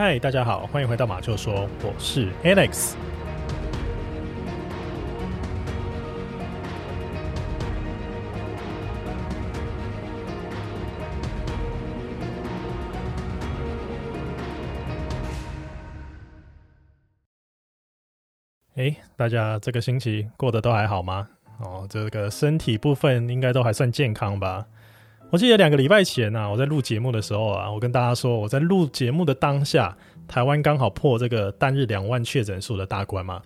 嗨，Hi, 大家好，歡迎回到馬廄說，我是 Alex。哎，大家這個星期過得都還好嗎？哦，這個身體部分應該都還算健康吧。我記得兩個禮拜前呢、啊，我在錄節目的時候啊，我跟大家說，我在錄節目的當下，台灣剛好破這個單日兩萬確診數的大關嘛。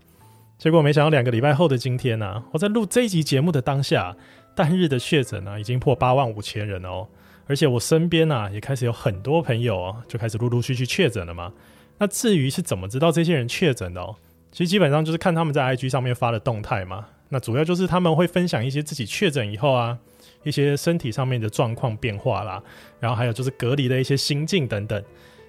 結果沒想到兩個禮拜後的今天呢、啊，我在錄這一集節目的當下，單日的確診呢已經破八萬五千人哦。而且我身邊呢、啊、也開始有很多朋友就開始陸陸續續確診了嘛。那至於是怎麼知道這些人確診的，哦，其實基本上就是看他們在 IG 上面發的動態嘛。那主要就是他們會分享一些自己確診以後啊。一些身體上面的狀況變化啦，然後還有就是隔離的一些心境等等，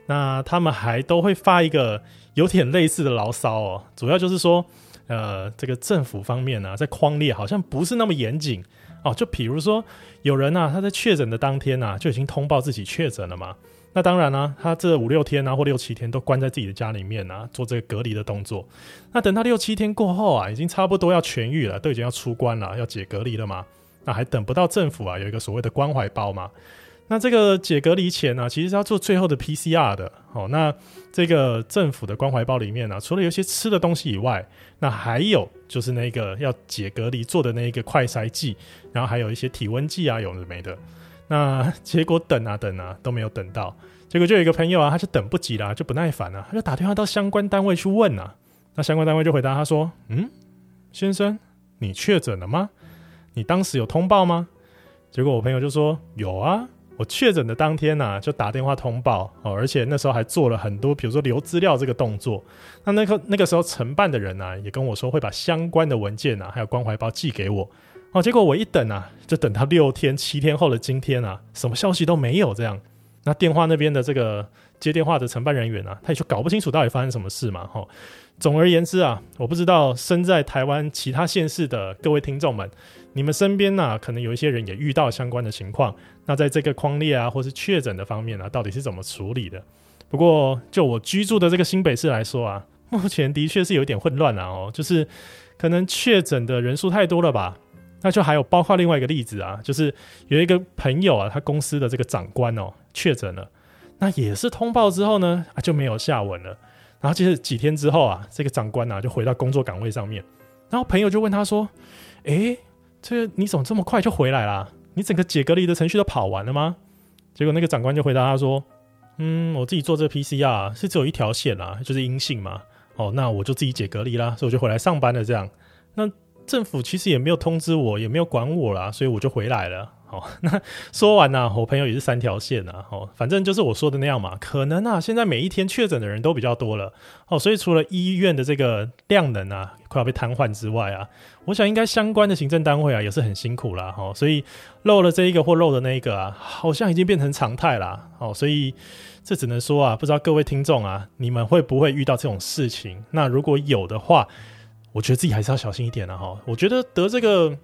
那他們還都會發一個有點類似的牢騷哦，主要就是說，呃，這個政府方面呢、啊，在匡列好像不是那麼嚴謹哦，就比如說有人啊，他在確診的當天啊，就已經通報自己確診了嘛，那當然啦、啊，他這五六天啊或六七天都關在自己的家裡面啊，做這個隔離的動作，那等到六七天過後啊，已經差不多要痊愈了，都已經要出關了，要解隔離了嘛。那還等不到政府啊，有一個所謂的關懷包嘛？那這個解隔離前呢、啊，其實是要做最後的 PCR 的。好、哦，那這個政府的關懷包裡面呢、啊，除了有些吃的東西以外，那還有就是那個要解隔離做的那一個快篩劑，然後還有一些體溫計啊，有的沒的。那結果等啊等啊都沒有等到，結果就有一個朋友啊，他就等不及啦，就不耐煩了，他就打電話到相關單位去問啊。那相關單位就回答他說：“嗯，先生，你確診了嗎？”你當時有通報嗎？結果我朋友就說，有啊，我確診的當天吶、啊、就打電話通報哦，而且那時候還做了很多，比如說留資料這個動作。那那個那個時候承辦的人呢、啊，也跟我說會把相關的文件啊，還有關懷包寄給我哦。結果我一等啊，就等他六天七天後的今天啊，什麼消息都沒有這樣。那電話那邊的這個接電話的承辦人員啊，他也就搞不清楚到底發生什麼事嘛哈、哦。總而言之啊，我不知道身在台灣其他縣市的各位聽眾們。你們身邊呢、啊，可能有一些人也遇到相關的情況。那在這個匡列啊，或是確診的方面呢、啊，到底是怎麼處理的？不過就我居住的這個新北市來說啊，目前的確是有點混亂啊哦，就是可能確診的人數太多了吧？那就還有包括另外一個例子啊，就是有一個朋友啊，他公司的這個長官哦確診了，那也是通報之後呢，啊、就沒有下文了。然後就是幾天之後啊，這個長官啊就回到工作崗位上面，然後朋友就問他說：“誒……這你怎麼這麼快就回來啦？你整個解隔離的程序都跑完了嗎？結果那個長官就回答他說：“嗯，我自己做這個 PCR 是只有一條線啦，就是陰性嘛。哦，那我就自己解隔離啦，所以我就回來上班了。這樣，那政府其實也沒有通知我，也沒有管我啦，所以我就回來了。”哦，那說完呢，啊，我朋友也是三條線啊，哦，反正就是我說的那樣嘛。可能啊，現在每一天確診的人都比較多了，哦，所以除了醫院的這個量能啊，快要被癱瘓之外啊，我想應該相關的行政單位啊，也是很辛苦啦，哦，所以漏了這一個或漏的那一個啊，好像已經變成常態了，哦，所以這只能說啊，不知道各位聽眾啊，你們會不會遇到這種事情？那如果有的話，我覺得自己還是要小心一點了，啊，哈，哦。我覺得得這個，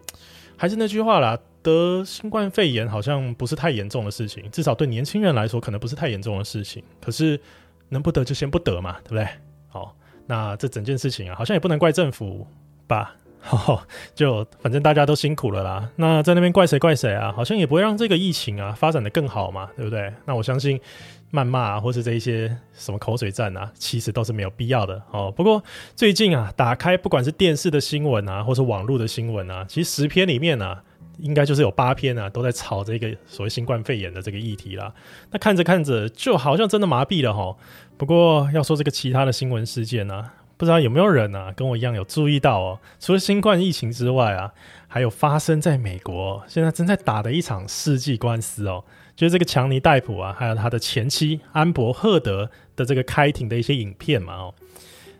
還是那句話啦。得新冠肺炎好像不是太嚴重的事情，至少對年輕人來說可能不是太嚴重的事情。可是能不得就先不得嘛，對不對？好、哦，那這整件事情啊，好像也不能怪政府吧？哦、就反正大家都辛苦了啦，那在那邊怪誰怪誰啊？好像也不會讓這個疫情啊發展的更好嘛，對不對？那我相信謾罵、啊、或是這一些什麼口水戰啊，其實都是沒有必要的。哦，不過最近啊，打開不管是電視的新聞啊，或是網絡的新聞啊，其實十篇裡面啊。應該就是有八篇啊，都在吵這個所謂新冠肺炎的這個議題啦。那看着看着就好像真的麻痹了吼，不過要說這個其他的新聞事件呢、啊，不知道有沒有人啊跟我一樣有注意到哦、喔？除了新冠疫情之外啊，還有發生在美國現在正在打的一場世紀官司哦、喔，就是這個強尼戴普啊，還有他的前妻安博·赫德的這個開庭的一些影片嘛哦、喔。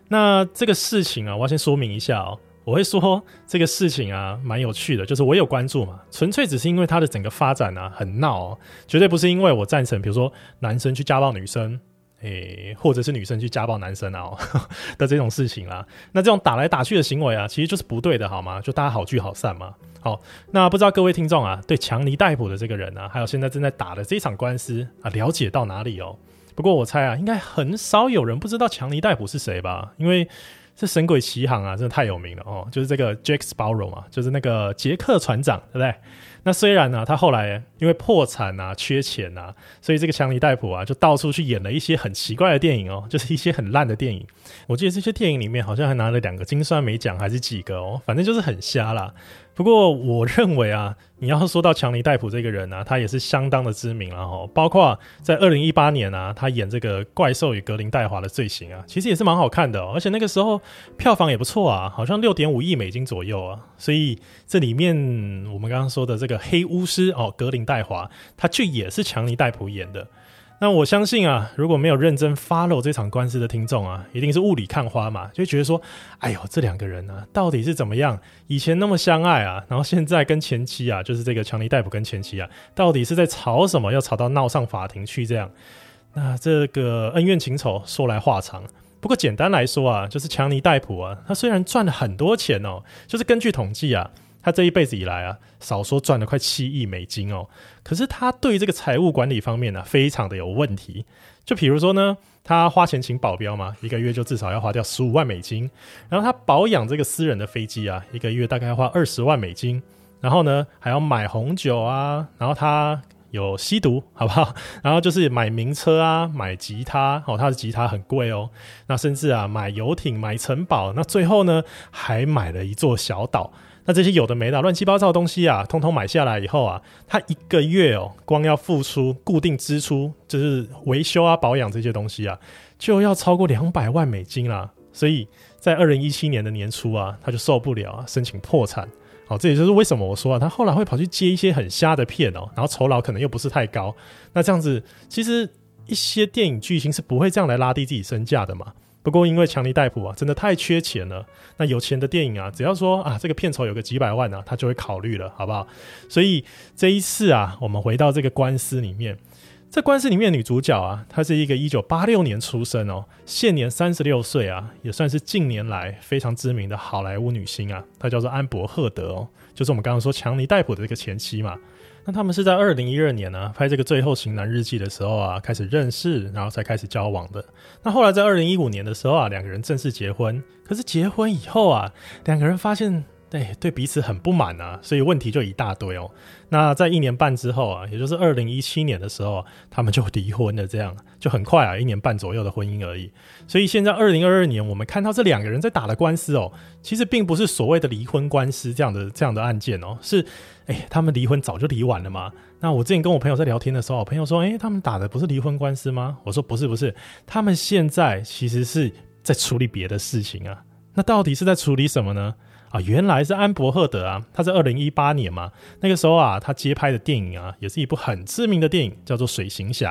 那這個事情啊，我要先說明一下哦、喔。我會說這個事情啊，蠻有趣的，就是我有關注嘛，純粹只是因為它的整個發展啊很鬧、哦，絕對不是因為我贊成，比如說男生去家暴女生，誒、欸，或者是女生去家暴男生啊、哦、呵的這種事情啦。那這種打來打去的行為啊，其實就是不對的，好嗎？就大家好聚好散嘛。好，那不知道各位聽眾啊，對強尼戴普的這個人啊，還有現在正在打的這一場官司啊，了解到哪裡哦？不過我猜啊，應該很少有人不知道強尼戴普是誰吧，因為。這《神鬼奇航》啊，真的太有名了哦！就是這個 Jack Sparrow 嘛，就是那個傑克船長，對不對？那雖然呢、啊，他後來因為破產吶、啊、缺錢吶、啊，所以這個強尼戴普啊就到處去演了一些很奇怪的電影哦、喔，就是一些很爛的電影。我記得這些電影裡面好像還拿了兩個金酸梅獎還是幾個哦、喔，反正就是很瞎啦。不過我認為啊，你要說到強尼戴普這個人呢、啊，他也是相當的知名啦、喔。哈。包括在二零一八年啊，他演這個《怪獸與格林戴華的罪行》啊，其實也是蠻好看的、喔，而且那個時候票房也不錯啊，好像六點五億美金左右啊。所以這裡面我們剛剛說的這個。黑巫師哦，格林戴華，他卻也是強尼戴普演的。那我相信啊，如果沒有認真 follow 這場官司的聽眾啊，一定是霧裡看花嘛，就會覺得說，哎呦，這兩個人呢、啊，到底是怎麼樣？以前那麼相愛啊，然後現在跟前妻啊，就是這個強尼戴普跟前妻啊，到底是在吵什麼？要吵到鬧上法庭去這樣？那這個恩怨情仇說來話長。不過簡單來說啊，就是強尼戴普啊，他雖然賺了很多錢哦，就是根據統計啊。他這一輩子以來啊，少說賺了快七億美金哦。可是他對這個財務管理方面呢、啊，非常的有問題。就比如說呢，他花錢請保鏢嘛，一個月就至少要花掉十五萬美金。然後他保養這個私人的飛機啊，一個月大概要花二十萬美金。然後呢，還要買紅酒啊。然後他有吸毒，好不好？然後就是買名車啊，買吉他哦，他的吉他很貴哦。那甚至啊，買遊艇、買城堡。那最後呢，還買了一座小島。那這些有的沒的啊，亂七八糟的東西啊，通通買下來以後啊，他一個月哦，光要付出固定支出，就是維修啊、保養這些東西啊，就要超過兩百萬美金啦。所以在二零一七年的年初啊，他就受不了啊，申請破產。好，這也就是為什麼我說啊，他後來會跑去接一些很瞎的片哦，然後酬勞可能又不是太高。那這樣子，其實一些電影巨星是不會這樣來拉低自己身價的嘛。不過，因為強尼戴普啊，真的太缺錢了。那有錢的電影啊，只要說啊，這個片酬有個幾百萬啊，他就會考慮了，好不好？所以這一次啊，我們回到這個官司裡面，這官司裡面，女主角啊，她是一個一九八六年出生哦，現年三十六歲啊，也算是近年來非常知名的好萊塢女星啊。她叫做安柏赫德哦，就是我們剛剛說強尼戴普的這個前妻嘛。那他們是在二零一二年呢、啊、拍這個《最後型男日記》的時候啊，開始認識，然後才開始交往的。那後來在二零一五年的時候啊，兩個人正式結婚。可是結婚以後啊，兩個人發現、欸、對彼此很不滿啊，所以問題就一大堆哦、喔。那在一年半之後啊，也就是二零一七年的時候、啊，他們就離婚了，這樣就很快啊，一年半左右的婚姻而已。所以現在二零二二年，我們看到這兩個人在打的官司哦、喔，其實並不是所謂的離婚官司這樣的這樣的案件哦、喔，是。哎、欸，他們離婚早就離完了嘛。那我之前跟我朋友在聊天的時候，我朋友說：“哎、欸，他們打的不是離婚官司嗎？”我說：“不是，不是，他們現在其實是在處理別的事情啊。那到底是在處理什麼呢？啊，原來是安伯赫德啊，他在二零一八年嘛，那個時候啊，他接拍的電影啊，也是一部很知名的電影，叫做《水行俠》。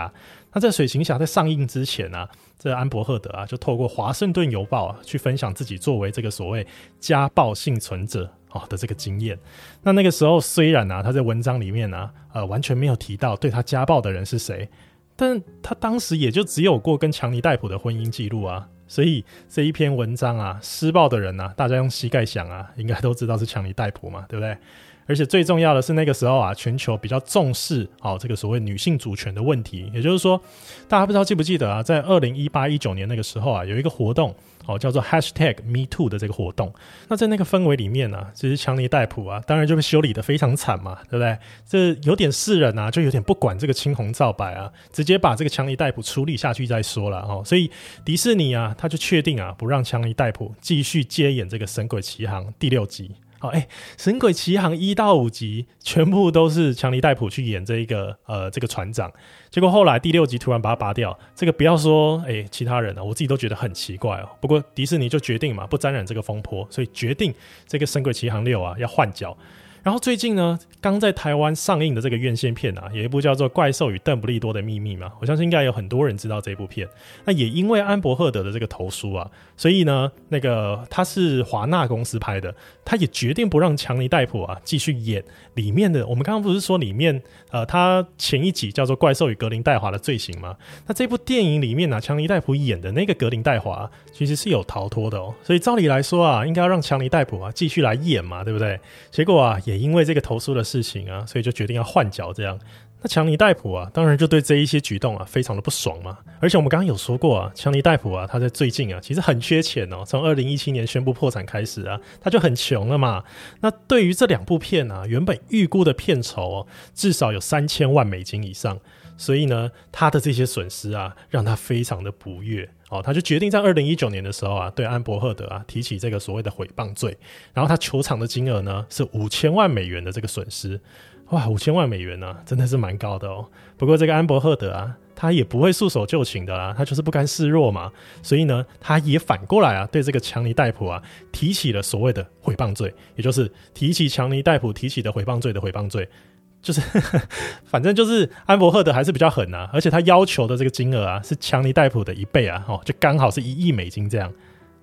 那在《水行俠》在上映之前呢、啊，這安伯赫德啊，就透過《華盛頓郵報》啊去分享自己作為這個所謂家暴幸存者。”哦，的這個經驗，那那個時候雖然啊，他在文章裡面啊，呃，完全沒有提到對他家暴的人是誰，但他當時也就只有過跟強尼戴普的婚姻記錄啊，所以這一篇文章啊，施暴的人啊，大家用膝蓋想啊，應該都知道是強尼戴普嘛，對不對？而且最重要的是，那個時候啊，全球比較重視哦，這個所謂女性主權的問題。也就是說，大家不知道記不記得啊，在二零一八一九年那個時候啊，有一個活動，哦，叫做 hashtag #MeToo 的這個活動。那在那個氛圍裡面呢、啊，其實強尼戴普啊，當然就被修理得非常慘嘛，對不對？這有點世人吶、啊，就有點不管這個青紅皂白啊，直接把這個強尼戴普處理下去再說了哦。所以迪士尼啊，他就確定啊，不讓強尼戴普繼續接演這個《神鬼奇航》第六集。好哎，哦欸，《神鬼奇航》一到五集全部都是強尼戴普去演這一個呃這個船長，結果後來第六集突然把他拔掉，這個不要說誒、欸、其他人了，啊，我自己都覺得很奇怪哦。不過迪士尼就決定嘛，不沾染，這個風波，所以決定這個《神鬼奇航》六啊，要換角，然後最近呢。剛在台灣上映的這個院線片啊，有一部叫做《怪獸與鄧布利多的秘密》嘛，我相信應該有很多人知道這部片。那也因為安伯赫德的這個投書啊，所以呢，那個他是華納公司拍的，他也決定不讓強尼戴普啊繼續演裡面的。我們剛剛不是說裡面呃，他前一集叫做《怪獸與格林戴華的罪行》嗎？那這部電影裡面呢、啊，強尼戴普演的那個格林戴華、啊、其實是有逃脫的哦、喔，所以照理來說啊，應該要讓強尼戴普啊繼續來演嘛，對不對？結果啊，也因為這個投書的。事情啊，所以就決定要換角這樣。那強尼戴普啊，當然就對這一些舉動啊，非常的不爽嘛。而且我們剛剛有說過啊，強尼戴普啊，他在最近啊，其實很缺錢哦。從二零一七年宣佈破產開始啊，他就很窮了嘛。那對於這兩部片啊，原本預估的片酬哦，至少有三千萬美金以上。所以呢，他的這些損失啊，讓他非常的不悅。哦，他就決定在二零一九年的時候啊，對安博赫德啊，提起這個所謂的毀謗罪，然後他求償的金額呢，是五千萬美元的這個損失。哇，五千萬美元呢、啊、真的是蠻高的哦。不過這個安博赫德啊，他也不會束手就擒的啦、啊，他就是不甘示弱嘛，所以呢，他也反過來啊，對這個強尼戴普啊，提起了所謂的毀謗罪，也就是提起強尼戴普提起的毀謗罪的毀謗罪。就是呵呵，反正就是安伯赫德還是比較狠吶啊，而且他要求的這個金額啊，是強尼戴普的一倍啊，哦，就剛好是一億美金這樣。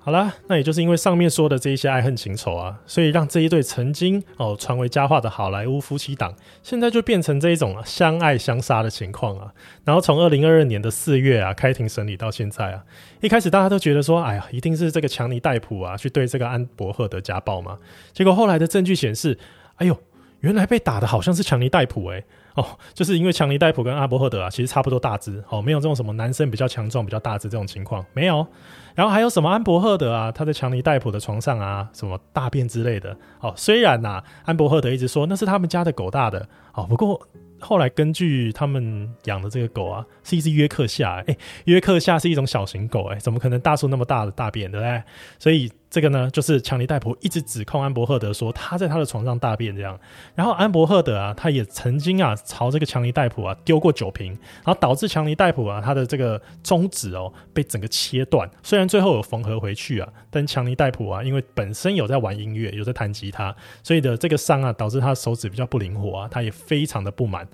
好啦，那也就是因為上面說的這一些愛恨情仇啊，所以讓這一對曾經哦傳為佳話的好萊塢夫妻檔，現在就變成這一種相愛相殺的情況啊。然後從二零二二年的四月啊開庭審理到現在啊，一開始大家都覺得說，哎呀，一定是這個強尼戴普啊去對這個安伯赫德家暴嘛。結果後來的證據顯示，哎呦。原來被打的好像是強尼戴普誒、欸、哦，就是因為強尼戴普跟阿伯赫德啊，其實差不多大只哦，沒有這種什麼男生比較強壯比較大只這種情況沒有。然後還有什麼安伯赫德啊，他在強尼戴普的床上啊，什麼大便之類的哦。雖然吶、啊，安伯赫德一直說那是他們家的狗大的哦，不過後來根據他們養的這個狗啊，是一隻約克夏誒、欸欸，約克夏是一種小型狗誒、欸，怎麼可能大出那麼大的大便對不對？所以。這個呢，就是強尼戴普一直指控安伯赫德說他在他的床上大便這樣，然後安伯赫德啊，他也曾經啊朝這個強尼戴普啊丟過酒瓶，然後導致強尼戴普啊他的這個中指哦被整個切斷，雖然最後有縫合回去啊，但強尼戴普啊因為本身有在玩音樂，有在彈吉他，所以的這個傷啊導致他手指比較不靈活啊，他也非常的不滿。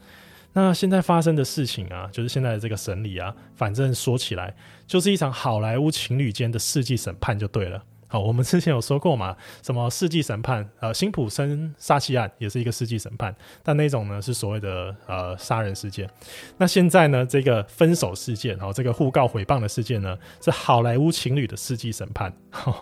那現在發生的事情啊，就是現在的這個審理啊，反正說起來就是一場好萊塢情侶間的世紀審判就對了。哦，我們之前有說過嘛，什麼世紀審判，呃，辛普森殺妻案也是一個世紀審判，但那種呢是所謂的呃殺人事件。那現在呢，這個分手事件，然、哦、這個互告毀謗的事件呢，是好萊塢情侶的世紀審判，哦。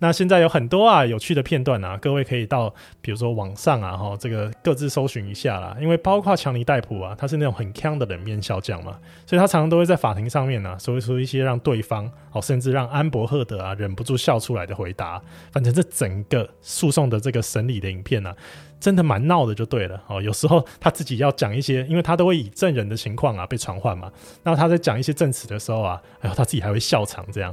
那現在有很多啊有趣的片段啊，各位可以到比如說網上啊，哈、哦，這個各自搜尋一下啦。因為包括強尼戴普啊，他是那種很強的冷面笑匠嘛，所以他常常都會在法庭上面呢，啊，說出一,一些讓對方，哦，甚至讓安伯赫德啊忍不住笑出來的回答，反正這整個訴訟的這個審理的影片呢、啊，真的蠻鬧的，就對了哦。有時候他自己要講一些，因為他都會以證人的情況啊被傳喚嘛。那他在講一些證詞的時候啊，哎呦，他自己還會笑場這樣。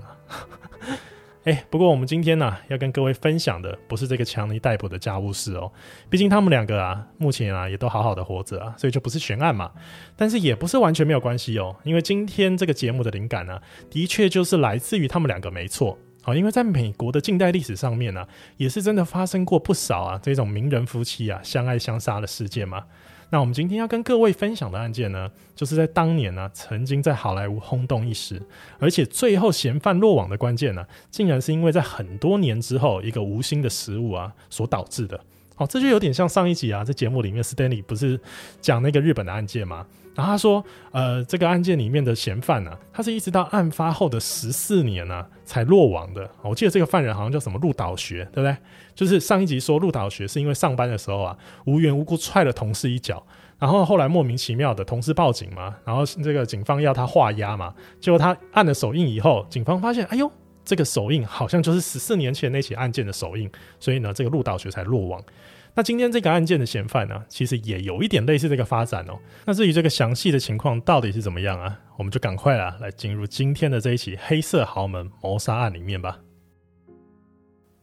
哎、 欸，不過我們今天呢、啊，要跟各位分享的不是這個強尼戴普的家務事哦，畢竟他們兩個啊，目前啊也都好好的活着啊，所以就不是懸案嘛。但是也不是完全沒有關係哦，因為今天這個節目的靈感呢、啊，的確就是來自於他們兩個沒，沒錯。好，因為在美國的近代歷史上面呢、啊，也是真的發生過不少啊這種名人夫妻啊相愛相殺的事件嘛。那我們今天要跟各位分享的案件呢，就是在當年呢、啊、曾經在好萊塢轟動一時，而且最後嫌犯落網的關鍵呢、啊，竟然是因為在很多年之後一個無心的失誤啊所導致的。好、哦，這就有點像上一集啊在節目裡面，Stanley 不是講那個日本的案件嗎？然後他說：“呃，這個案件裡面的嫌犯呢、啊，他是一直到案發後的十四年呢、啊、才落網的。我記得這個犯人好像叫什麼陸島學，對不對？就是上一集說陸島學是因為上班的時候啊無緣無故踹了同事一腳，然後後來莫名其妙的同事報警嘛，然後這個警方要他畫押嘛，結果他按了手印以後，警方發現，哎呦，這個手印好像就是十四年前那起案件的手印，所以呢，這個陸島學才落網。”那今天這個案件的嫌犯呢、啊，其實也有一點類似這個發展哦、喔。那至於這個詳細的情況到底是怎麼樣啊，我們就趕快啊，來進入今天的這一起黑色豪門謀殺案裡面吧。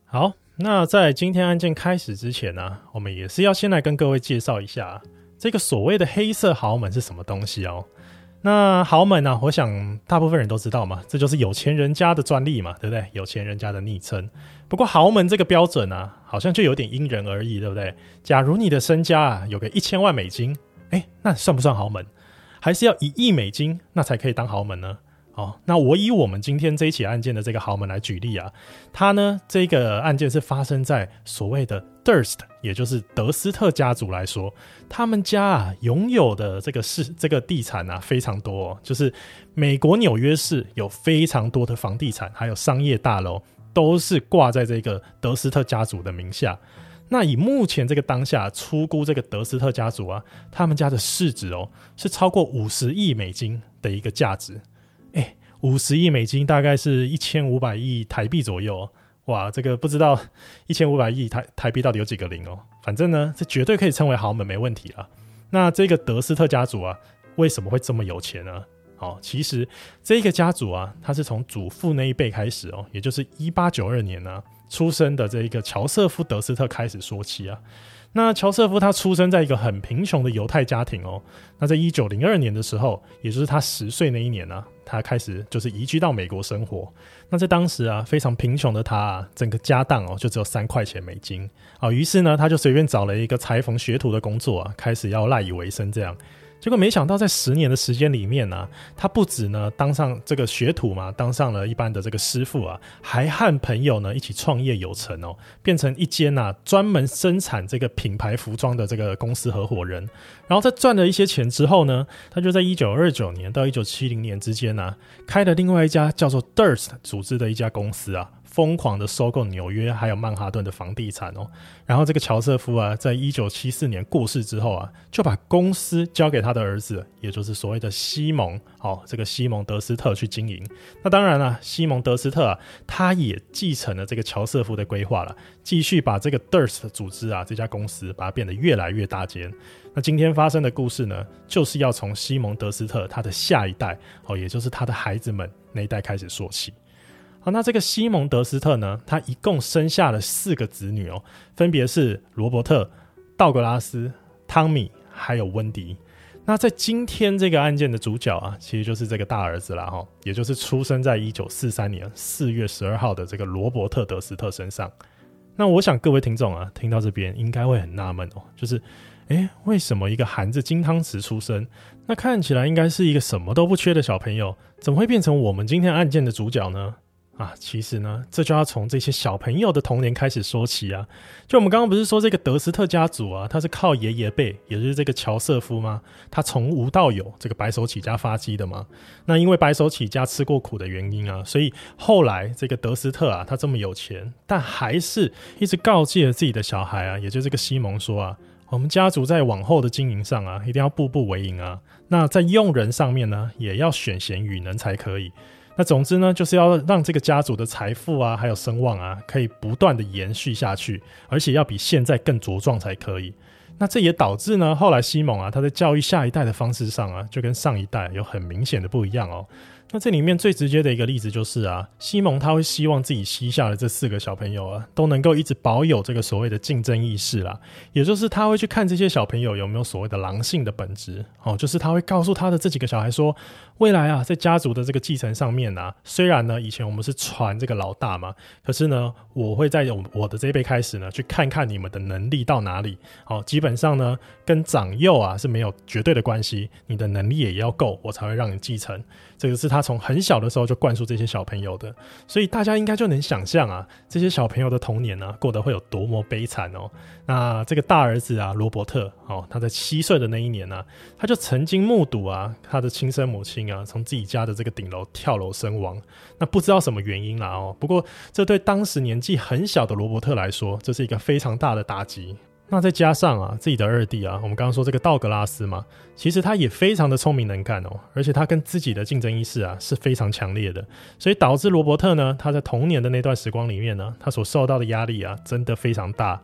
好，那在今天案件開始之前呢、啊，我們也是要先來跟各位介紹一下、啊、這個所謂的黑色豪門是什麼東西哦、喔。那豪門啊，我想大部分人都知道嘛，這就是有錢人家的專利嘛，對不對？有錢人家的昵稱。不過豪門這個標準啊，好像就有點因人而異，對不對？假如你的身家啊，有個一千萬美金，誒，那算不算豪門？還是要一億美金，那才可以當豪門呢？哦，那我以我們今天這一起案件的這個豪門來舉例啊，他呢，這個案件是發生在所謂的 Durst，也就是德斯特家族來說，他們家啊擁有的這個市這個地產啊非常多，哦，就是美國紐約市有非常多的房地產，還有商業大樓都是掛在這個德斯特家族的名下。那以目前這個當下，粗估這個德斯特家族啊，他們家的市值，哦是超過五十億美金的一個價值。五十億美金大概是一千五百億台幣左右，哇，這個不知道一千五百億台台幣到底有幾個零哦。反正呢，這絕對可以稱為豪門，沒問題了。那這個德斯特家族啊，為什麼會這麼有錢呢？好、哦，其實這個家族啊，他是從祖父那一輩開始哦，也就是一八九二年呢、啊、出生的這一個喬瑟夫德斯特開始說起啊。那喬瑟夫他出生在一個很貧窮的猶太家庭哦。那在1902年的時候，也就是他十歲那一年呢，他開始就是移居到美國生活。那在當時啊，非常貧窮的他啊，整個家當哦，就只有三塊錢美金啊。於是呢，他就隨便找了一個裁縫學徒的工作啊，開始要賴以為生這樣。結果沒想到，在十年的時間裡面呢、啊，他不止呢當上這個學徒嘛，當上了一般的這個師傅啊，還和朋友呢一起創業有成哦，變成一間吶、啊、專門生產這個品牌服裝的這個公司合夥人。然後在賺了一些錢之後呢，他就在一九二九年到一九七零年之間呢、啊，開了另外一家叫做 Durst 組織的一家公司啊。瘋狂的收購紐約還有曼哈頓的房地產哦、喔，然後這個喬瑟夫啊，在一九七四年過世之後啊，就把公司交給他的兒子，也就是所謂的西蒙，哦，這個西蒙德斯特去經營。那當然啦、啊，西蒙德斯特啊，他也繼承了這個喬瑟夫的規劃了，繼續把這個 Durst 組織啊，這家公司把它變得越來越大間。那今天發生的故事呢，就是要從西蒙德斯特他的下一代哦、喔，也就是他的孩子們那一代開始說起。啊、那這個西蒙德斯特呢，他一共生下了四個子女哦、喔，分別是羅伯特、道格拉斯、湯米還有溫迪。那在今天這個案件的主角啊，其實就是這個大兒子了哈，也就是出生在一九四三年四月十二號的這個羅伯特德斯特身上。那我想各位聽眾啊，聽到這邊應該會很納悶哦，就是，誒、欸，為什麼一個含着金湯匙出生，那看起來應該是一個什麼都不缺的小朋友，怎麼會變成我們今天案件的主角呢？啊，其實呢，這就要從這些小朋友的童年開始說起啊。就我們剛剛不是說這個德斯特家族啊，他是靠爺爺輩，也就是這個喬瑟夫嘛，他從無到有，這個白手起家發跡的嘛。那因為白手起家吃過苦的原因啊，所以後來這個德斯特啊，他這麼有錢，但還是一直告誡了自己的小孩啊，也就是這個西蒙說啊，我們家族在往後的經營上啊，一定要步步為營啊。那在用人上面呢，也要選賢與能才可以。那總之呢，就是要讓這個家族的財富啊，還有聲望啊，可以不斷的延續下去，而且要比現在更茁壯才可以。那這也導致呢，後來西蒙啊，他在教育下一代的方式上啊，就跟上一代有很明顯的不一樣哦。那這裡面最直接的一個例子就是啊，西蒙他會希望自己膝下的這四個小朋友啊，都能夠一直保有這個所謂的競爭意識啦，也就是他會去看這些小朋友有沒有所謂的狼性的本質哦，就是他會告訴他的這幾個小孩說。未來啊，在家族的這個繼承上面啊，雖然呢，以前我們是傳這個老大嘛，可是呢，我會在我我的這一輩開始呢，去看看你們的能力到哪裡。好、哦，基本上呢，跟長幼啊是沒有絕對的關係，你的能力也要夠，我才會讓你繼承。這個是他從很小的時候就灌輸這些小朋友的，所以大家應該就能想象啊，這些小朋友的童年呢、啊，過得會有多麼悲慘哦。那這個大兒子啊，羅伯特，哦，他在七歲的那一年呢、啊，他就曾經目睹啊，他的親生母親。啊，從自己家的這個頂樓跳樓身亡，那不知道什麼原因啦、喔。哦。不過這對當時年紀很小的羅伯特來說，這是一個非常大的打擊。那再加上啊，自己的二弟啊，我們剛剛說這個道格拉斯嘛，其實他也非常的聰明能幹哦、喔，而且他跟自己的競爭意識啊是非常強烈的，所以導致羅伯特呢，他在童年的那段時光裡面呢、啊，他所受到的壓力啊，真的非常大。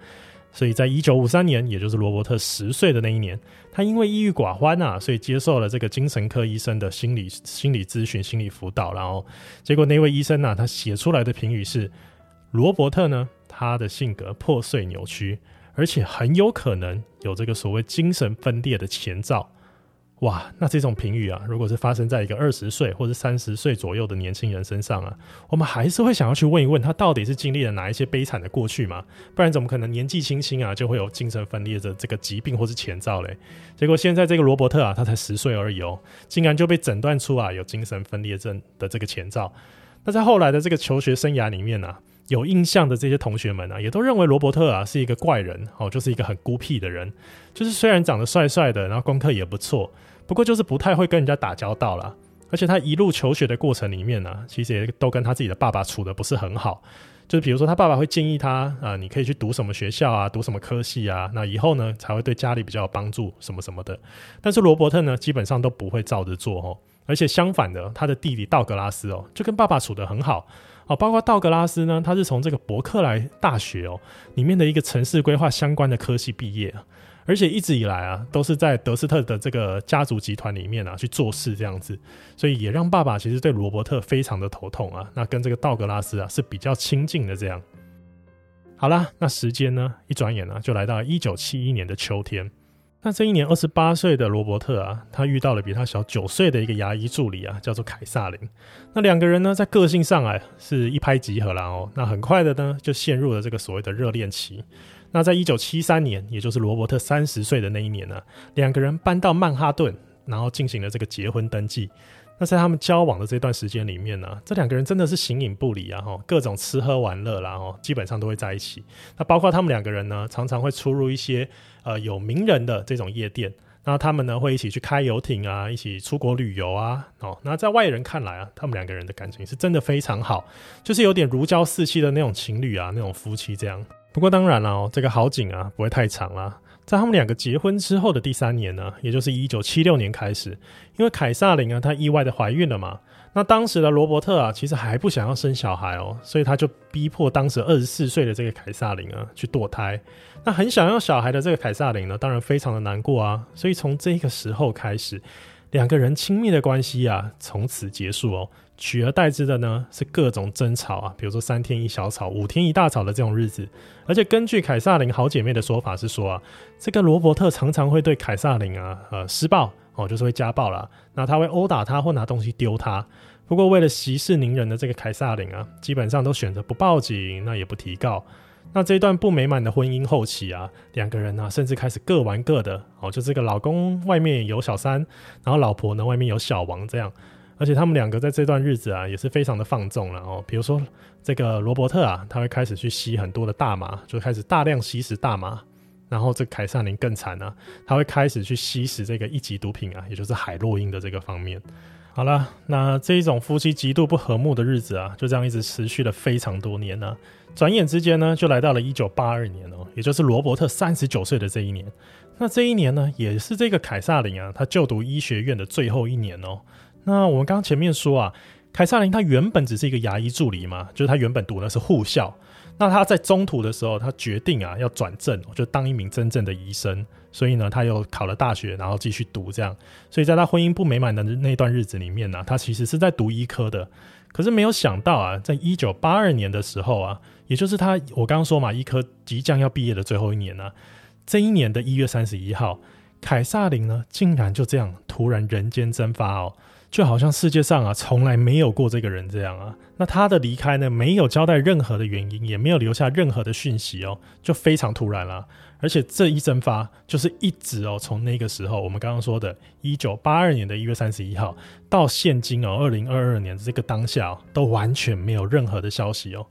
所以在一九五三年，也就是羅伯特十歲的那一年，他因為抑鬱寡歡啊，所以接受了這個精神科醫生的心理心理諮詢、心理輔導。然後，結果那位醫生呢、啊，他寫出來的評語是：羅伯特呢，他的性格破碎扭曲，而且很有可能有這個所謂精神分裂的前兆。哇，那這種評語啊，如果是發生在一個二十歲或者三十歲左右的年輕人身上啊，我們還是會想要去問一問他到底是經歷了哪一些悲慘的過去嘛？不然怎麼可能年紀輕輕啊就會有精神分裂症這個疾病或是前兆嘞？結果現在這個羅伯特啊，他才十歲而已喔，竟然就被診斷出啊有精神分裂症的這個前兆。那在後來的這個求學生涯裡面啊，有印象的這些同學們啊，也都認為羅伯特啊是一個怪人，喔，就是一個很孤僻的人，就是雖然長得帥帥的，然後功課也不錯。不過就是不太會跟人家打交道啦，而且他一路求學的過程裡面呢啊，其實也都跟他自己的爸爸處得不是很好。就是比如說他爸爸會建議他啊，你可以去讀什麼學校啊，讀什麼科系啊，那以後呢才會對家裡比較有幫助什麼什麼的。但是羅伯特呢，基本上都不會照着做哦，而且相反的，他的弟弟道格拉斯哦，就跟爸爸處得很好啊。包括道格拉斯呢，他是從這個伯克萊大學哦裡面的一個城市規劃相關的科系畢業啊。而且一直以來啊，都是在德斯特的這個家族集團裡面啊去做事這樣子，所以也讓爸爸其實對羅伯特非常的頭痛啊。那跟這個道格拉斯啊是比較親近的這樣。好啦，那時間呢一轉眼啊，就來到一九七一年的秋天。那這一年，二十八歲的羅伯特啊，他遇到了比他小九歲的一個牙醫助理啊，叫做凱薩琳。那兩個人呢，在個性上啊，是一拍即合了哦。那很快的呢，就陷入了這個所謂的熱戀期。那在1973年，也就是羅伯特三十歲的那一年呢、啊，兩個人搬到曼哈頓，然後進行了這個結婚登記。那在他們交往的這段時間裡面呢、啊，這兩個人真的是形影不離啊，哈，各種吃喝玩樂啦，哈，基本上都會在一起。那包括他們兩個人呢，常常會出入一些呃有名人的這種夜店。那他們呢，會一起去開遊艇啊，一起出國旅遊啊，哦、喔。那在外人看來啊，他們兩個人的感情是真的非常好，就是有點如膠似漆的那種情侶啊，那種夫妻這樣。不過當然了，這個好景啊，不會太長啦。在他們兩個結婚之後的第三年呢，也就是一九七六年開始，因為凱撒琳啊，她意外的懷孕了嘛，那當時的羅伯特啊，其實還不想要生小孩哦，所以他就逼迫當時二十四歲的這個凱撒琳啊，去墮胎。那很想要小孩的這個凱撒琳呢，當然非常的難過啊，所以從這個時候開始。兩個人親密的關係啊，從此結束哦。取而代之的呢，是各種爭吵啊，比如說三天一小吵，五天一大吵的這種日子。而且根據凱撒琳好姐妹的說法是說啊，這個羅伯特常常會對凱撒琳啊，呃，施暴哦，就是會家暴啦。那他會毆打她或拿東西丟她。不過為了息事寧人的這個凱撒琳啊，基本上都選擇不報警，那也不提告。那這一段不美滿的婚姻後期啊，兩個人呢、啊，甚至開始各玩各的哦，就這個老公外面有小三，然後老婆呢外面有小王這樣，而且他們兩個在這段日子啊，也是非常的放縱了哦，比如說這個羅伯特啊，他會開始去吸很多的大麻，就開始大量吸食大麻，然後這凱撒林更慘啊，他會開始去吸食這個一級毒品啊，也就是海洛因的這個方面。好了，那這一種夫妻極度不和睦的日子啊，就這樣一直持續了非常多年呢、啊。轉眼之間呢，就來到了一九八二年哦、喔，也就是羅伯特三十九歲的這一年。那這一年呢，也是這個凱撒琳啊，他就讀醫學院的最後一年哦、喔。那我們剛剛前面說啊，凱撒琳他原本只是一個牙醫助理嘛，就是他原本讀的是護校。那他在中途的時候，他決定啊，要轉正，就當一名真正的醫生。所以呢，他又考了大學，然後繼續讀這樣。所以在他婚姻不美滿的那段日子裡面呢、啊，他其實是在讀醫科的。可是沒有想到啊，在一九八二年的時候啊，也就是他我剛剛說嘛，醫科即將要畢業的最後一年呢、啊，這一年的一月三十一號，凱撒琳呢，竟然就這樣突然人間蒸發哦。就好像世界上啊從來沒有過這個人這樣啊，那他的離開呢，沒有交代任何的原因，也沒有留下任何的訊息哦，就非常突然啦、啊。而且這一蒸發，就是一直哦，從那個時候，我們剛剛說的，一九八二年的一月三十一號，到現今哦，二零二二年的這個當下、哦，都完全沒有任何的消息哦。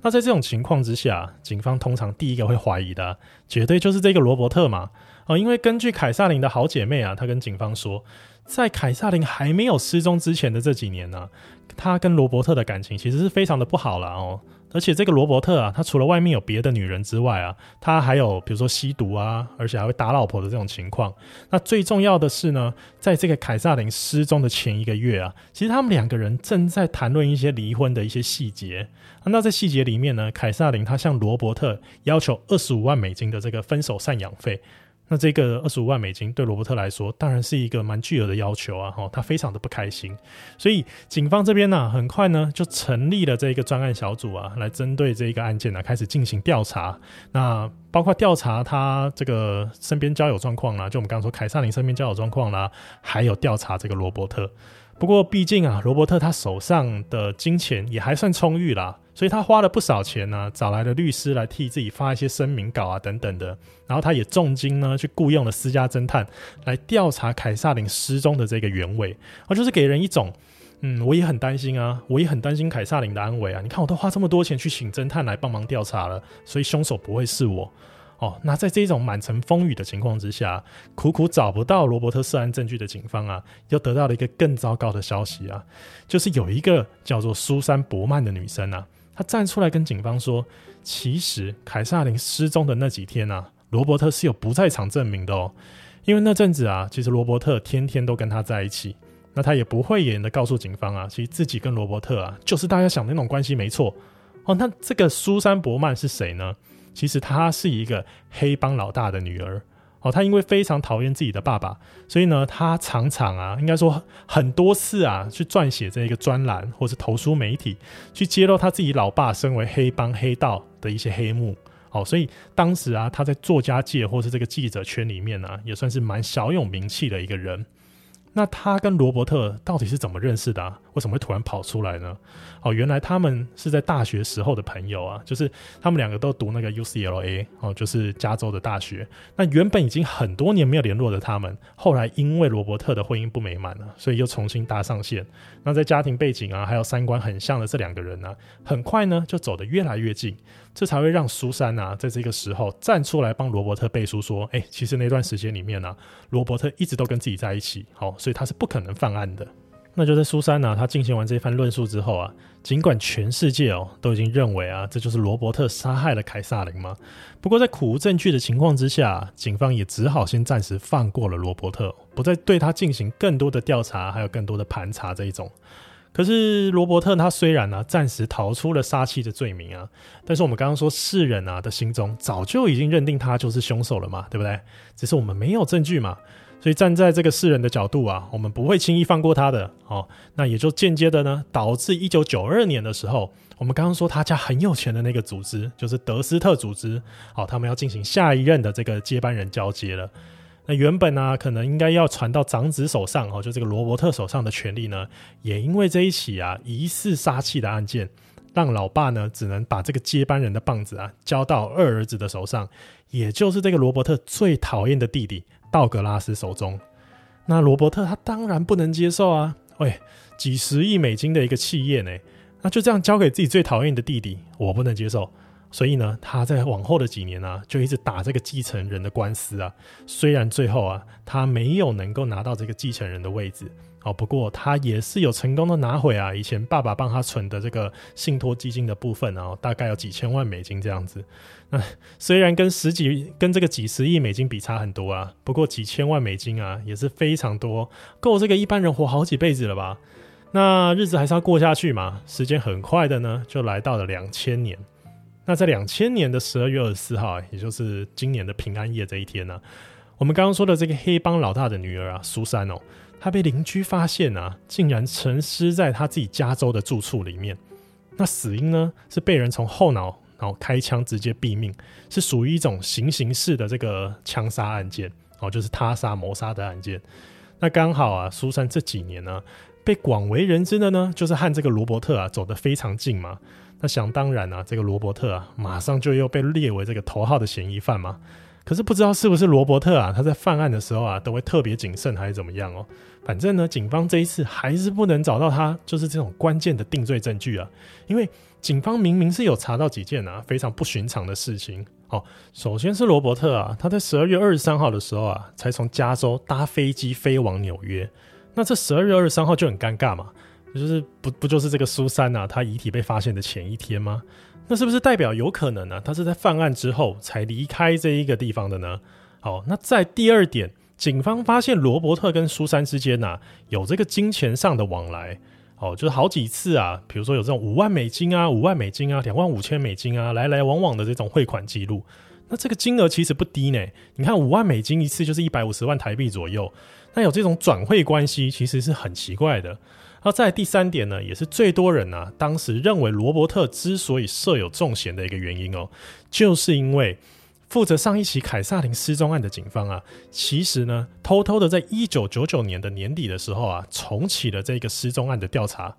那在這種情況之下，警方通常第一個會懷疑的、啊，絕對就是這個羅伯特嘛。啊、呃，因為根據凱撒琳的好姐妹啊，她跟警方說。在凱撒林還沒有失蹤之前的這幾年呢、啊，他跟羅伯特的感情其實是非常的不好了哦、喔。而且這個羅伯特啊，他除了外面有別的女人之外啊，他還有比如說吸毒啊，而且還會打老婆的這種情況。那最重要的是呢，在這個凱撒林失蹤的前一個月啊，其實他們兩個人正在談論一些離婚的一些細節。啊、那在細節裡面呢，凱撒林他向羅伯特要求二十五萬美金的這個分手贍養費。那這個二十五萬美金對羅伯特來說當然是一個蠻巨額的要求啊！哈、哦，他非常的不開心，所以警方這邊呢、啊，很快呢就成立了這個專案小組啊，來針對這個案件呢、啊、開始進行調查。那包括調查他這個身邊交友狀況啦，就我們剛剛說凱撒琳身邊交友狀況啦，還有調查這個羅伯特。不過畢竟啊，羅伯特他手上的金錢也還算充裕啦，所以他花了不少錢呢、啊，找來了律師來替自己發一些聲明稿啊等等的，然後他也重金呢去僱傭了私家偵探來調查凱撒琳失蹤的這個原委，而、啊、就是給人一種，嗯，我也很擔心啊，我也很擔心凱撒琳的安危啊，你看我都花這麼多錢去請偵探來幫忙調查了，所以兇手不會是我。哦，那在這種滿城風雨的情況之下啊，苦苦找不到羅伯特涉案證據的警方啊，又得到了一個更糟糕的消息啊，就是有一個叫做蘇珊·伯曼的女生啊，她站出來跟警方說，其實凱撒琳失蹤的那幾天啊，羅伯特是有不在場證明的哦，因為那陣子啊，其實羅伯特天天都跟她在一起，那她也不諱言的告訴警方啊，其實自己跟羅伯特啊，就是大家想的那種關係沒錯。哦，那這個蘇珊·伯曼是誰呢？其實她是一個黑幫老大的女兒，哦，她因為非常討厭自己的爸爸，所以呢，她常常啊，應該說很多次啊，去撰寫這一個專欄，或是投書媒體，去揭露他自己老爸身為黑幫黑道的一些黑幕，哦，所以當時啊，他在作家界或是這個記者圈裡面呢、啊，也算是蠻小有名氣的一個人。那他跟羅伯特到底是怎麼認識的啊？為什麼會突然跑出來呢？哦，原來他們是在大學時候的朋友啊，就是他們兩個都讀那個 UCLA 哦，就是加州的大學。那原本已經很多年沒有聯絡的他們，後來因為羅伯特的婚姻不美滿了，所以又重新搭上線。那在家庭背景啊，還有三觀很像的這兩個人呢，很快呢就走得越來越近，這才會讓蘇珊啊在這個時候站出來幫羅伯特背書，說，哎，其實那段時間裡面啊，羅伯特一直都跟自己在一起。好。所以他是不可能犯案的。那就在蘇珊呢、啊，他進行完這一番論述之後啊，盡管全世界哦都已經認為啊這就是羅伯特殺害了凱薩琳嘛，不過在苦無證據的情況之下，警方也只好先暫時放過了羅伯特，不再對他進行更多的調查還有更多的盤查這一種。可是羅伯特他雖然呢、啊、暫時逃出了殺妻的罪名啊，但是我們剛剛說世人啊的心中早就已經認定他就是凶手了嘛，對不對？只是我們沒有證據嘛。所以站在這個世人的角度啊，我們不會輕易放過他的哦。那也就間接的呢，導致一九九二年的時候，我們剛剛說他家很有錢的那個組織，就是德斯特組織，好、哦，他們要進行下一任的這個接班人交接了。那原本呢、啊，可能應該要傳到長子手上哦，就這個羅伯特手上的權力呢，也因為這一起啊疑似殺妻的案件，讓老爸呢只能把這個接班人的棒子啊交到二兒子的手上，也就是這個羅伯特最討厭的弟弟道格拉斯手中，那羅伯特他當然不能接受啊！喂，幾十億美金的一個企業呢，那就這樣交給自己最討厭的弟弟，我不能接受。所以呢，他在往後的幾年呢啊，就一直打這個繼承人的官司啊。雖然最後啊，他沒有能夠拿到這個繼承人的位置。哦，不過他也是有成功的拿回啊，以前爸爸幫他存的這個信托基金的部分，啊，哦，大概有幾千萬美金這樣子。那雖然跟十幾、跟這個幾十億美金比差很多啊，不過幾千萬美金啊也是非常多，哦，夠這個一般人活好幾輩子了吧？那日子還是要過下去嘛。時間很快的呢，就來到了兩千年。那在兩千年的十二月二十四號，欸，也就是今年的平安夜這一天呢，啊，我們剛剛說的這個黑幫老大的女兒啊，蘇珊哦。他被鄰居發現啊，竟然陳屍，在他自己加州的住處裡面。那死因呢，是被人從後腦然後開槍直接斃命，是屬於一種行刑、刑式的這個槍殺案件哦，就是他殺謀殺的案件。那剛好啊，蘇珊這幾年呢、啊、被廣為人知的呢，就是和這個羅伯特啊走得非常近嘛。那想當然啊，這個羅伯特啊馬上就又被列為這個頭號的嫌疑犯嘛。可是不知道是不是羅伯特啊？他在犯案的時候啊，都會特別謹慎還是怎麼樣哦、喔？反正呢，警方這一次還是不能找到他，就是這種關鍵的定罪證據啊。因為警方明明是有查到幾件啊非常不尋常的事情。哦，首先是羅伯特啊，他在十二月二十三號的時候啊，才從加州搭飛機飛往紐約。那這十二月二十三號就很尷尬嘛。就是不不，就是這個蘇珊吶、啊？她遺體被發現的前一天嗎？那是不是代表有可能啊？他是在犯案之後才離開這一個地方的呢？好，那在第二點，警方發現羅伯特跟蘇珊之間吶、啊、有這個金錢上的往來，哦，就是好幾次啊，比如說有這種五萬美金啊、五萬美金啊、兩萬五千美金啊，來來往往的這種匯款記錄。那這個金額其實不低呢、欸，你看五萬美金一次就是一百五十萬台幣左右。那有這種轉匯關係，其實是很奇怪的。那再來第三點呢，也是最多人呢、啊，當時認為羅伯特之所以涉有重嫌的一個原因哦、喔，就是因為負責上一起凱撒琳失蹤案的警方啊，其實呢，偷偷的在一九九九年的年底的時候啊，重啟了這個失蹤案的調查。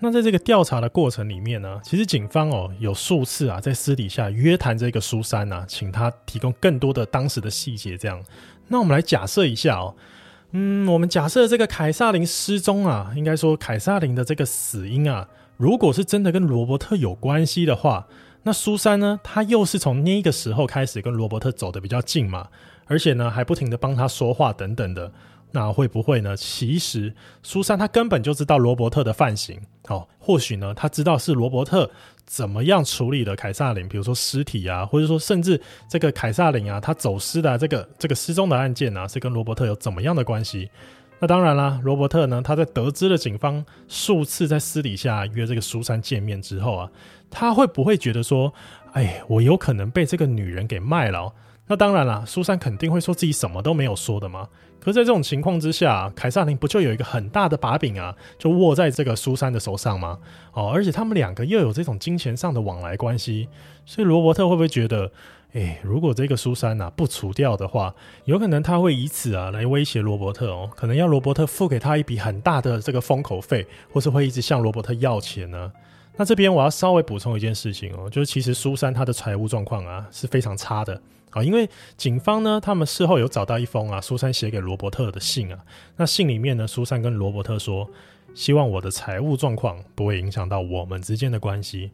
那在這個調查的過程裡面呢，其實警方哦、喔，有數次啊，在私底下約談這個蘇珊啊，請她提供更多的當時的細節這樣。那我們來假設一下哦、喔。嗯，我們假設這個凱撒林失蹤啊，應該說凱撒林的這個死因啊，如果是真的跟羅伯特有關係的話，那蘇珊呢，她又是從那個時候開始跟羅伯特走得比較近嘛，而且呢還不停地幫他說話等等的，那會不會呢？其實蘇珊她根本就知道羅伯特的犯行，哦，或許呢，她知道是羅伯特。怎麼樣處理的凱瑟琳，比如說屍體啊，或者說甚至這個凱瑟琳啊，他走失的這個這個失蹤的案件啊，是跟羅伯特有怎麼樣的關係？那當然啦，羅伯特呢，他在得知了警方數次在私底下約這個蘇珊見面之後啊，他會不會覺得說，哎，我有可能被這個女人給賣了喔？那當然啦，蘇珊肯定會說自己什麼都沒有說的嘛。可是，在這種情況之下啊，凱撒林不就有一個很大的把柄啊，就握在這個蘇珊的手上嗎？哦，而且他們兩個又有這種金錢上的往來關係，所以羅伯特會不會覺得，哎、欸，如果這個蘇珊吶、啊、不除掉的話，有可能他會以此啊來威脅羅伯特哦，可能要羅伯特付給他一筆很大的這個封口費，或是會一直向羅伯特要錢呢？那這邊我要稍微補充一件事情哦，就是其實蘇珊她的財務狀況啊是非常差的。啊，因為警方呢，他們事後有找到一封啊，蘇珊寫給羅伯特的信啊。那信裡面呢，蘇珊跟羅伯特說，希望我的財務狀況不會影響到我們之間的關係。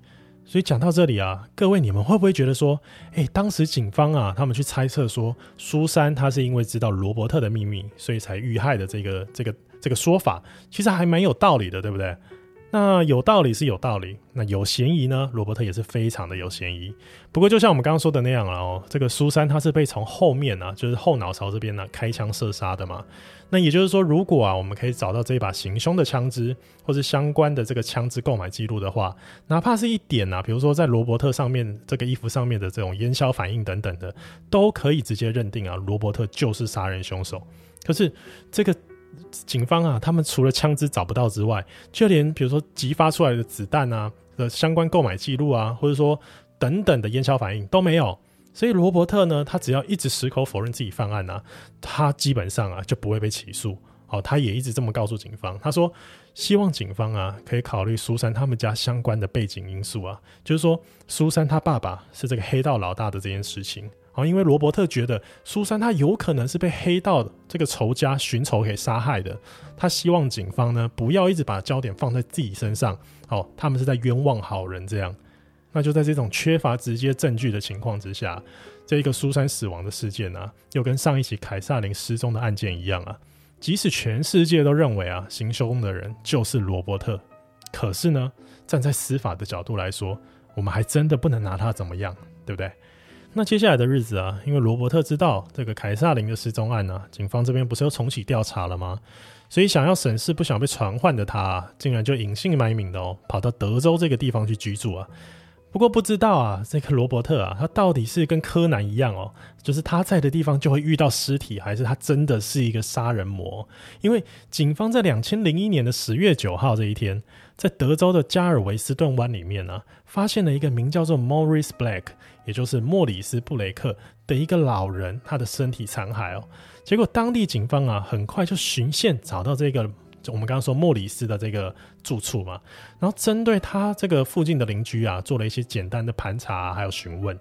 所以講到這裡啊，各位你們會不會覺得說，哎、欸，當時警方啊，他們去猜測說，蘇珊她是因為知道羅伯特的秘密，所以才遇害的這個這個這個說法，其實還蠻有道理的，對不對？那有道理是有道理，那有嫌疑呢？羅伯特也是非常的有嫌疑。不過，就像我們剛剛說的那樣啊，哦，這個蘇珊她是被從後面啊，就是後腦勺這邊呢、啊，開槍射殺的嘛。那也就是說，如果啊，我們可以找到這一把行兇的槍支，或是相關的這個槍支購買記錄的話，哪怕是一點啊，比如說在羅伯特上面這個衣服上面的這種煙硝反應等等的，都可以直接認定啊，羅伯特就是殺人兇手。可是這個。警方啊，他們除了槍支找不到之外，就連比如說擊發出來的子彈啊的相關購買記錄啊，或者說等等的煙硝反應都沒有。所以羅伯特呢，他只要一直矢口否認自己犯案啊，他基本上啊就不會被起訴。好、哦，他也一直這麼告訴警方，他說希望警方啊可以考慮蘇珊他們家相關的背景因素啊，就是說蘇珊她爸爸是這個黑道老大的這件事情。好，因為羅伯特覺得蘇珊他有可能是被黑道這個仇家尋仇給殺害的，他希望警方呢不要一直把焦點放在自己身上。好，他們是在冤枉好人這樣。那就在這種缺乏直接證據的情況之下，這一個蘇珊死亡的事件啊，又跟上一起凱撒林失蹤的案件一樣啊。即使全世界都認為啊行凶的人就是羅伯特，可是呢，站在司法的角度來說，我們還真的不能拿他怎麼樣，對不對？那接下來的日子啊，因為羅伯特知道這個凱薩琳的失蹤案啊，警方這邊不是又重啟調查了嗎？所以想要省事不想被傳喚的他、啊，竟然就隱姓埋名的哦、喔，跑到德州這個地方去居住啊。不過不知道啊，這個羅伯特啊，他到底是跟柯南一樣哦、喔，就是他在的地方就會遇到屍體，還是他真的是一個殺人魔？因為警方在兩千零一年的十月九號這一天，在德州的加爾維斯頓灣裡面呢、啊，發現了一個名叫做 Morris Black，也就是莫里斯布雷克的一個老人，他的身體殘骸哦、喔。結果當地警方啊，很快就循線找到這個。就我們剛剛說莫里斯的這個住處嘛，然後針對他這個附近的鄰居啊，做了一些簡單的盤查、啊，還有詢問，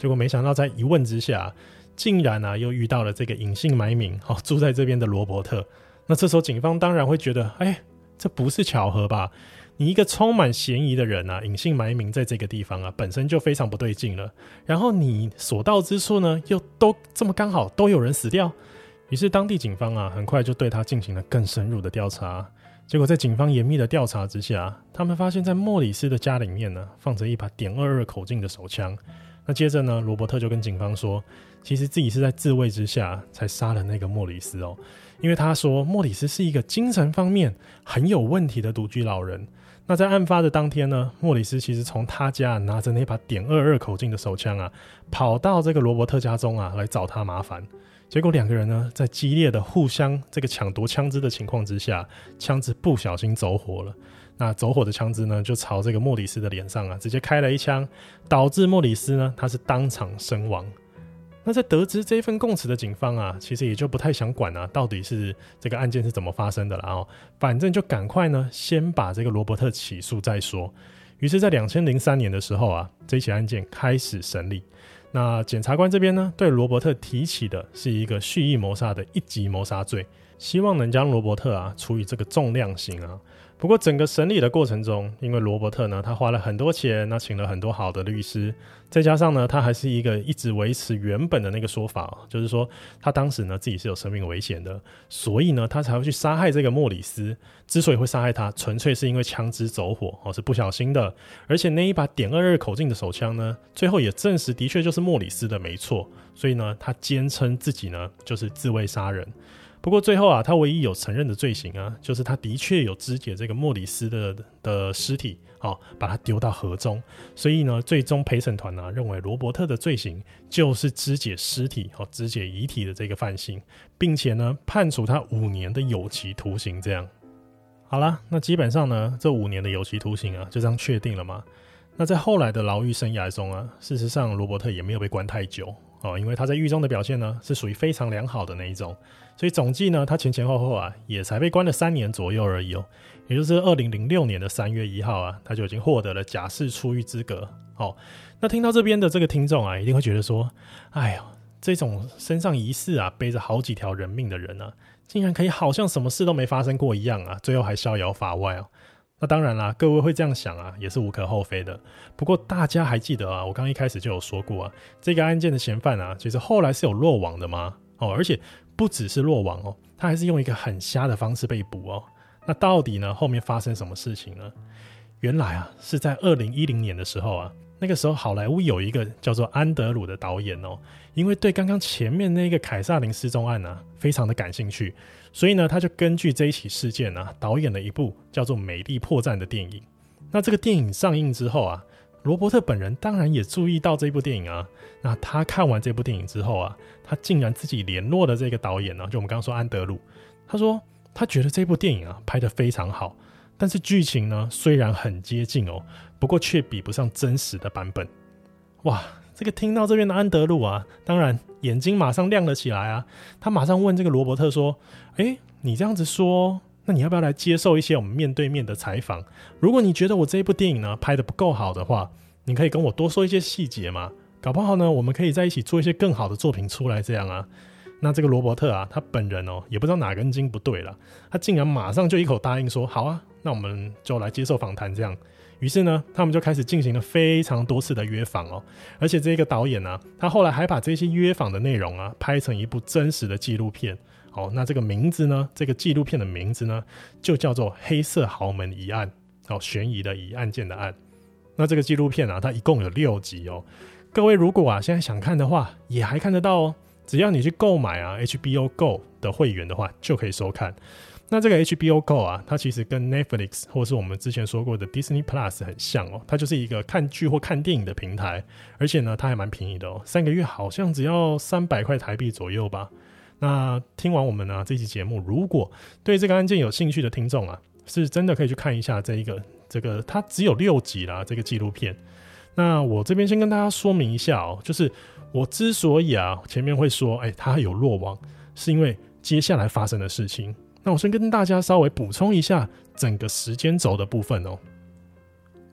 結果沒想到在一問之下，竟然呢、啊、又遇到了這個隱姓埋名哦、啊、住在這邊的羅伯特。那這時候警方當然會覺得，哎，這不是巧合吧？你一個充滿嫌疑的人啊，隱姓埋名在這個地方啊，本身就非常不對勁了。然後你所到之處呢，又都這麼剛好都有人死掉。於是，當地警方啊，很快就對他進行了更深入的調查。結果，在警方嚴密的調查之下，他們發現，在莫里斯的家裡面呢，放着一把點二二口徑的手槍。那接着呢，羅伯特就跟警方說，其實自己是在自衛之下才殺了那個莫里斯哦。因為他說，莫里斯是一個精神方面很有問題的獨居老人。那在案發的當天呢，莫里斯其實從他家拿着那把點二二口徑的手槍啊，跑到這個羅伯特家中啊來找他麻煩。結果兩個人呢，在激烈的互相這個搶奪槍支的情況之下，槍支不小心走火了。那走火的槍支呢，就朝這個莫里斯的臉上啊，直接開了一槍，導致莫里斯呢，他是當場身亡。那在得知這份供詞的警方啊，其實也就不太想管啊，到底是這個案件是怎麼發生的了哦、喔。反正就趕快呢，先把這個羅伯特起訴再說。於是，在兩千零三年的時候啊，這起案件開始審理。那檢察官這邊呢，對羅伯特提起的是一個蓄意謀殺的一級謀殺罪，希望能將羅伯特啊處以這個重量刑啊。不過，整個審理的過程中，因為羅伯特呢，他花了很多錢，那請了很多好的律師，再加上呢，他還是一個一直維持原本的那個說法，就是說他當時呢自己是有生命危險的，所以呢他才會去殺害這個莫里斯。之所以會殺害他，純粹是因為槍支走火哦，是不小心的。而且那一把點二二口徑的手槍呢，最後也證實的確就是莫里斯的沒錯，所以呢他堅稱自己呢就是自衛殺人。不過最後啊，他唯一有承認的罪行啊，就是他的確有肢解這個莫里斯的的屍體，哦，把他丟到河中。所以呢，最終陪審團呢認為羅伯特的罪行就是肢解屍體和、哦、肢解遺體的這個犯行，並且呢判處他五年的有期徒刑這樣。好啦，那基本上呢，這五年的有期徒刑啊就這樣確定了嘛。那在後來的牢獄生涯中啊，事實上羅伯特也沒有被關太久哦，因為他在獄中的表現呢是屬於非常良好的那一種。所以總計呢，他前前後後啊，也才被關了三年左右而已哦。也就是二零零六年的三月一號啊，他就已經獲得了假釋出獄資格。哦，那聽到這邊的這個聽眾啊，一定會覺得說：“哎呀，這種身上疑似啊背着好幾條人命的人啊，竟然可以好像什麼事都沒發生過一樣啊，最後還逍遙法外哦。”那當然啦，各位會這樣想啊，也是無可厚非的。不過大家還記得啊，我剛一開始就有說過啊，這個案件的嫌犯啊，其實後來是有落網的嗎？哦，而且。不只是落網哦，他還是用一個很瞎的方式被捕哦。那到底呢，後面發生什麼事情呢？原來啊，是在二零一零年的時候啊，那個時候好萊塢有一個叫做安德魯的導演哦，因為對剛剛前面那個凱薩琳失蹤案呢、啊、非常的感興趣，所以呢，他就根據這一起事件呢、啊、導演了一部叫做《美麗破綻》的電影。那這個電影上映之後啊，羅伯特本人當然也注意到這部電影啊。那他看完這部電影之後啊，他竟然自己聯絡了這個導演呢、啊，就我們剛剛說安德魯，他說他覺得這部電影啊拍得非常好，但是劇情呢雖然很接近哦，不過卻比不上真實的版本。哇，這個聽到這邊的安德魯啊，當然眼睛馬上亮了起來啊，他馬上問這個羅伯特說：“誒、欸，你這樣子說，那你要不要來接受一些我們面對面的採訪？如果你覺得我這一部電影呢拍得不夠好的話，你可以跟我多說一些細節嗎？”搞不好呢，我們可以在一起做一些更好的作品出來，這樣啊。那這個羅伯特啊，他本人哦、喔，也不知道哪根筋不對了，他竟然馬上就一口答應說：“好啊，那我們就來接受訪談。”這樣。於是呢，他們就開始進行了非常多次的約訪哦、喔。而且這個導演呢、啊，他後來還把這些約訪的內容啊，拍成一部真實的紀錄片。好、喔，那這個名字呢，這個紀錄片的名字呢，就叫做《黑色豪門疑案》。好、喔，懸疑的疑，案件的案。那這個紀錄片啊，它一共有六集哦、喔。各位如果啊現在想看的話，也還看得到哦。只要你去購買啊 HBO GO 的會員的話，就可以收看。那這個 HBO GO 啊，它其實跟 Netflix 或是我們之前說過的 Disney Plus 很像哦。它就是一個看劇或看電影的平台，而且呢，它還蠻便宜的哦。三個月好像只要三百塊台幣左右吧。那聽完我們呢，這期節目，如果對這個案件有興趣的聽眾啊，是真的可以去看一下這一個這個，它只有六集啦，這個紀錄片。那我這邊先跟大家說明一下哦，就是我之所以啊前面會說，哎，他有落網，是因為接下來發生的事情。那我先跟大家稍微補充一下整個時間軸的部分哦。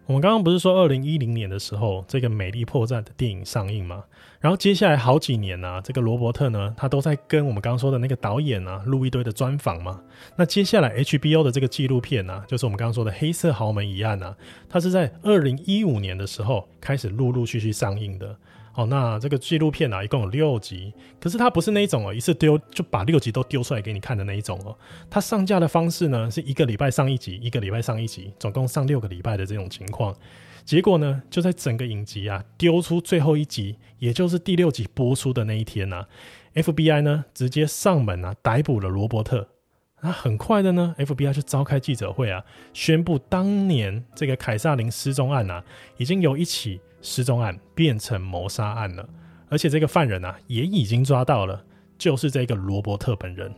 我們剛剛不是說二零一零年的時候，這個《美麗破綻》的電影上映嗎？然後接下來好幾年呢、啊，這個羅伯特呢，他都在跟我們剛剛說的那個導演啊，錄一堆的專訪嘛。那接下來 HBO 的這個紀錄片呢、啊，就是我們剛剛說的《黑色豪門疑案》啊，它是在二零一五年的時候開始陸陸續續上映的。好，那這個紀錄片呢，一共有六集，可是它不是那種哦，一次丟就把六集都丟出來給你看的那一種哦。它上架的方式呢，是一個禮拜上一集，一個禮拜上一集，總共上六個禮拜的這種情況。結果呢，就在整個影集啊丟出最後一集，也就是第六集播出的那一天啊，FBI 呢直接上門啊逮捕了羅伯特。那很快的呢，FBI 就召開記者會啊，宣布當年這個凱撒琳失蹤案啊，已經有一起，失蹤案變成謀殺案了，而且這個犯人啊也已經抓到了，就是這個羅伯特本人。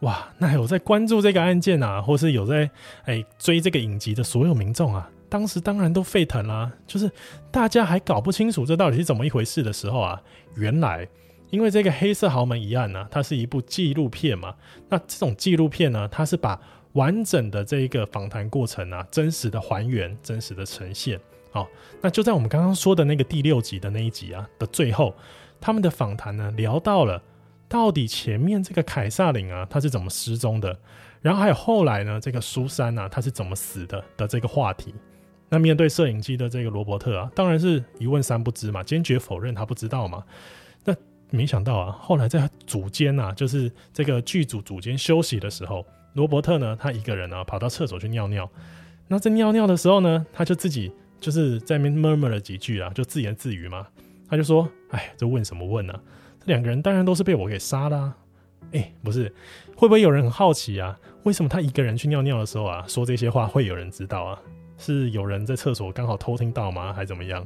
哇，那有在關注這個案件啊，或是有在、欸、追這個影集的所有民眾啊，當時當然都沸騰啦、啊。就是大家還搞不清楚這到底是怎麼一回事的時候啊，原來因為這個黑色豪門疑案呢、啊，它是一部紀錄片嘛。那這種紀錄片呢，它是把完整的這一個訪談過程啊，真實的還原，真實的呈現。好，那就在我們剛剛說的那個第六集的那一集啊的最後，他們的訪談呢聊到了到底前面這個凱撒林啊他是怎麼失蹤的，然後還有後來呢這個蘇珊啊他是怎麼死的的這個話題。那面對攝影機的這個羅伯特啊，當然是一問三不知嘛，堅決否認他不知道嘛。那沒想到啊，後來在組間吶，就是這個劇組組間休息的時候，羅伯特呢他一個人啊，跑到廁所去尿尿。那在尿尿的時候呢，他就自己。就是在那邊 murmur 了幾句啊，就自言自語嘛。他就說：“哎，這問什麼問呢、啊？這兩個人當然都是被我給殺的啊。哎、欸，不是，會不會有人很好奇啊？為什麼他一個人去尿尿的時候啊，說這些話會有人知道啊？是有人在廁所剛好偷聽到嗎？還怎麼樣？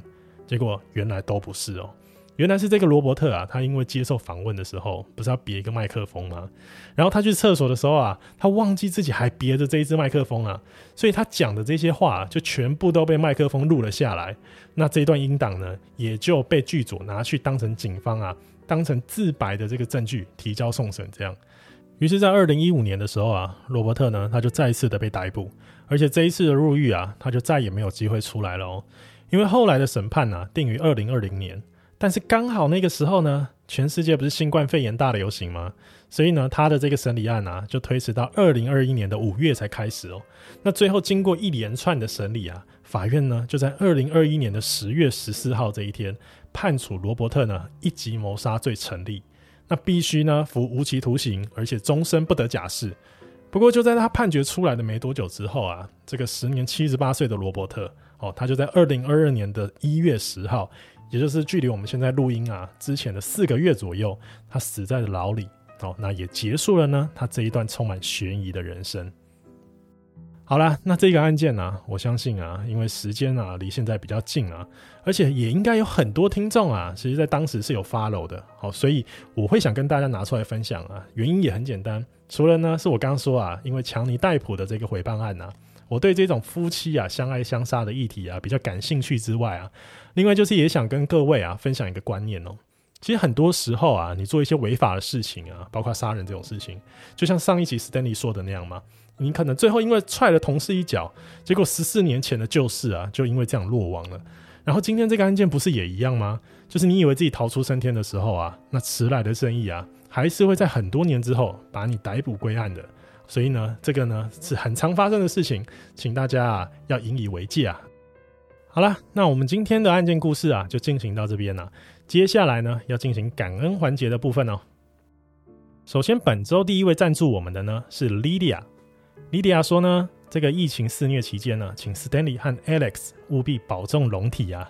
結果原來都不是哦、喔。”原來是這個羅伯特啊，他因為接受訪問的時候，不是要別一個麥克風嗎？然後他去廁所的時候啊，他忘記自己還別着這一隻麥克風啊，所以他講的這些話啊，就全部都被麥克風錄了下來。那這段音檔呢，也就被劇組拿去當成警方啊，當成自白的這個證據提交送審。這樣，於是，在二零一五年的時候啊，羅伯特呢，他就再次的被逮捕，而且這一次的入獄啊，他就再也沒有機會出來了哦，因為後來的審判啊，定於二零二零年。但是剛好那個時候呢，全世界不是新冠肺炎大流行嗎？所以呢，他的這個審理案啊，就推遲到二零二一年的五月才開始哦。那最後經過一連串的審理啊，法院呢就在二零二一年的十月十四號這一天判處羅伯特呢一級謀殺罪成立，那必須呢服無期徒刑，而且終身不得假釋。不過就在他判決出來的沒多久之後啊，這個時年七十八歲的羅伯特哦，他就在二零二二年的一月十號，也就是距離我們現在錄音啊之前的四個月左右，他死在了牢裡，好，那也結束了呢，他這一段充滿懸疑的人生。好啦，那這個案件呢、啊，我相信啊，因為時間啊離現在比較近啊，而且也應該有很多聽眾啊，其實在當時是有 follow 的，好，所以我會想跟大家拿出來分享啊，原因也很簡單，除了呢是我剛剛說啊，因為強尼戴普的這個毀謗案呢、啊。我對這種夫妻啊相愛相殺的議題啊比較感興趣之外啊，另外就是也想跟各位啊分享一個觀念喔。其實很多時候啊，你做一些違法的事情啊，包括殺人這種事情，就像上一集 Stanley 說的那樣嘛，你可能最後因為踹了同事一腳，結果十四年前的舊事啊，就因為這樣落網了。然後今天這個案件不是也一樣嗎？就是你以為自己逃出生天的時候啊，那遲來的正義啊，還是會在很多年之後把你逮捕歸案的。所以呢，這個呢是很常發生的事情，請大家啊要引以為戒啊。好啦，那我們今天的案件故事啊就進行到這邊了、啊。接下來呢要進行感恩環節的部分哦、喔。首先本周第一位贊助我們的呢是 Lydia，Lydia 說呢，這個疫情肆虐期間呢，請 Stanley 和 Alex 務必保重龍體啊。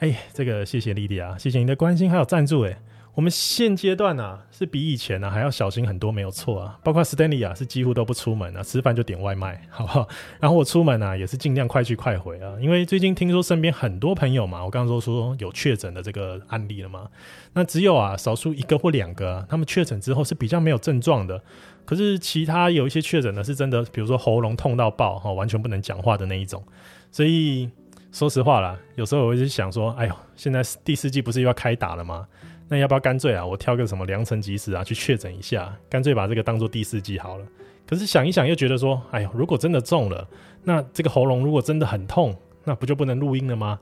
哎、欸，這個謝謝 Lydia，謝謝你的關心還有贊助哎、欸。我們現階段呢、啊，是比以前呢、啊、還要小心很多，沒有錯啊。包括 Stanley 啊，是幾乎都不出門啊，吃飯就點外賣，好不好？然後我出門呢、啊，也是盡量快去快回啊。因為最近聽說身邊很多朋友嘛，我剛剛說說有確診的這個案例了嘛。那只有啊，少數一個或兩個、啊，他們確診之後是比較沒有症狀的。可是其他有一些確診呢，是真的，比如說喉嚨痛到爆，哈，完全不能講話的那一種。所以說實話啦，有時候我就想說，哎呦，現在第四季不是又要開打了嗎？那要不要乾脆啊？我挑個什麼良辰吉時啊，去確診一下，乾脆把這個當做第四劑好了。可是想一想又覺得說，哎呦，如果真的中了，那這個喉嚨如果真的很痛，那不就不能錄音了嗎？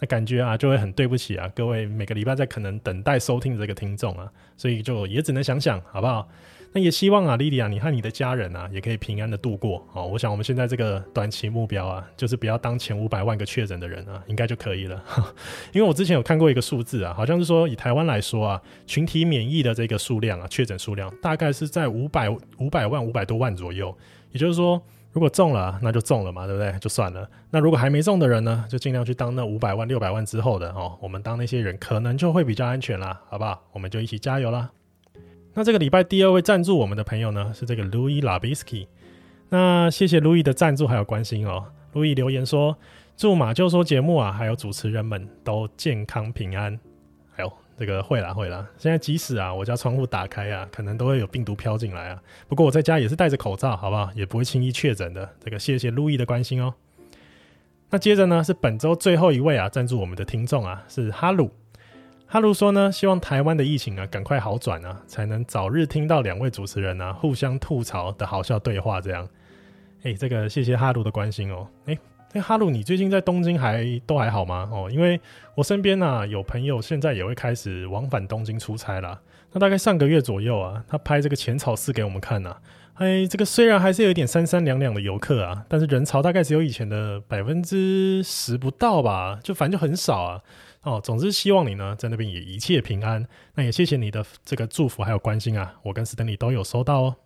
那感覺啊就會很對不起啊，各位每個禮拜在可能等待收聽這個聽眾啊，所以就也只能想想，好不好？那也希望啊，莉莉啊，你和你的家人啊，也可以平安的度過哦。我想我們現在這個短期目標啊，就是不要當前五百萬個確診的人啊，應該就可以了。 因為我之前有看過一個數字啊，好像是說以台灣來說啊，群體免疫的這個數量啊，確診數量大概是在五百五百萬五百多萬左右。也就是說，如果中了，那就中了嘛，對不對？就算了。那如果還沒中的人呢，就盡量去當那五百萬六百萬之後的哦，我們當那些人可能就會比較安全啦，好不好？我們就一起加油啦！那這個禮拜第二位贊助我們的朋友呢，是這個 Louis Labisky。那謝謝 Louis 的贊助還有關心喔。Louis 留言說：“祝馬廄說節目啊，還有主持人們都健康平安。”還有這個會啦會啦，現在即使啊我家窗戶打開啊，可能都會有病毒飄進來啊。不過我在家也是戴着口罩，好不好？也不會輕易確診的。這個謝謝 Louis 的關心喔。那接着呢是本周最後一位啊，贊助我們的聽眾啊是哈魯。哈魯說呢，希望台灣的疫情啊趕快好轉啊，才能早日聽到兩位主持人呢、啊、互相吐槽的好笑對話。這樣，哎、欸，這個謝謝哈魯的關心哦、喔。哎、欸，哎、欸，哈魯，你最近在東京還都還好嗎？哦、喔，因為我身邊呢、啊、有朋友現在也會開始往返東京出差了。那大概上個月左右啊，他拍這個淺草寺給我們看呢、啊。哎、欸，這個雖然還是有點三三兩兩的遊客啊，但是人潮大概只有以前的百分之十不到吧，就反正就很少啊。哦，總之希望你呢，在那邊也一切平安。那也謝謝你的這個祝福還有關心啊，我跟斯登利都有收到哦。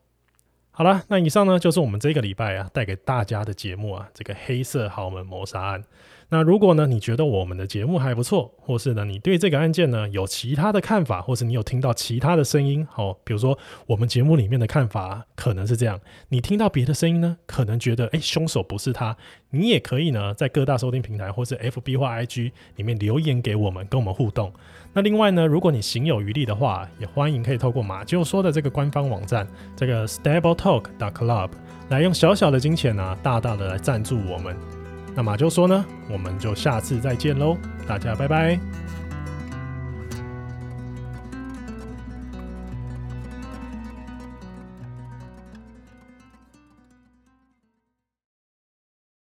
好啦，那以上呢就是我們這個禮拜啊帶給大家的節目啊，這個《黑色豪門謀殺案》。那如果呢，你覺得我們的節目還不錯，或是呢，你對這個案件呢有其他的看法，或是你有聽到其他的聲音，好、哦，比如說我們節目裡面的看法、啊、可能是這樣，你聽到別的聲音呢，可能覺得哎、欸、兇手不是他，你也可以呢在各大收聽平台或是 F B 或 I G 裡面留言給我們，跟我們互動。那另外呢，如果你行有餘力的話，也歡迎可以透過馬廄說的這個官方網站這個 Stable Talk dot Club 來用小小的金錢呢、啊，大大的來贊助我們。那馬廄說呢，我們就下次再見嘍，大家拜拜。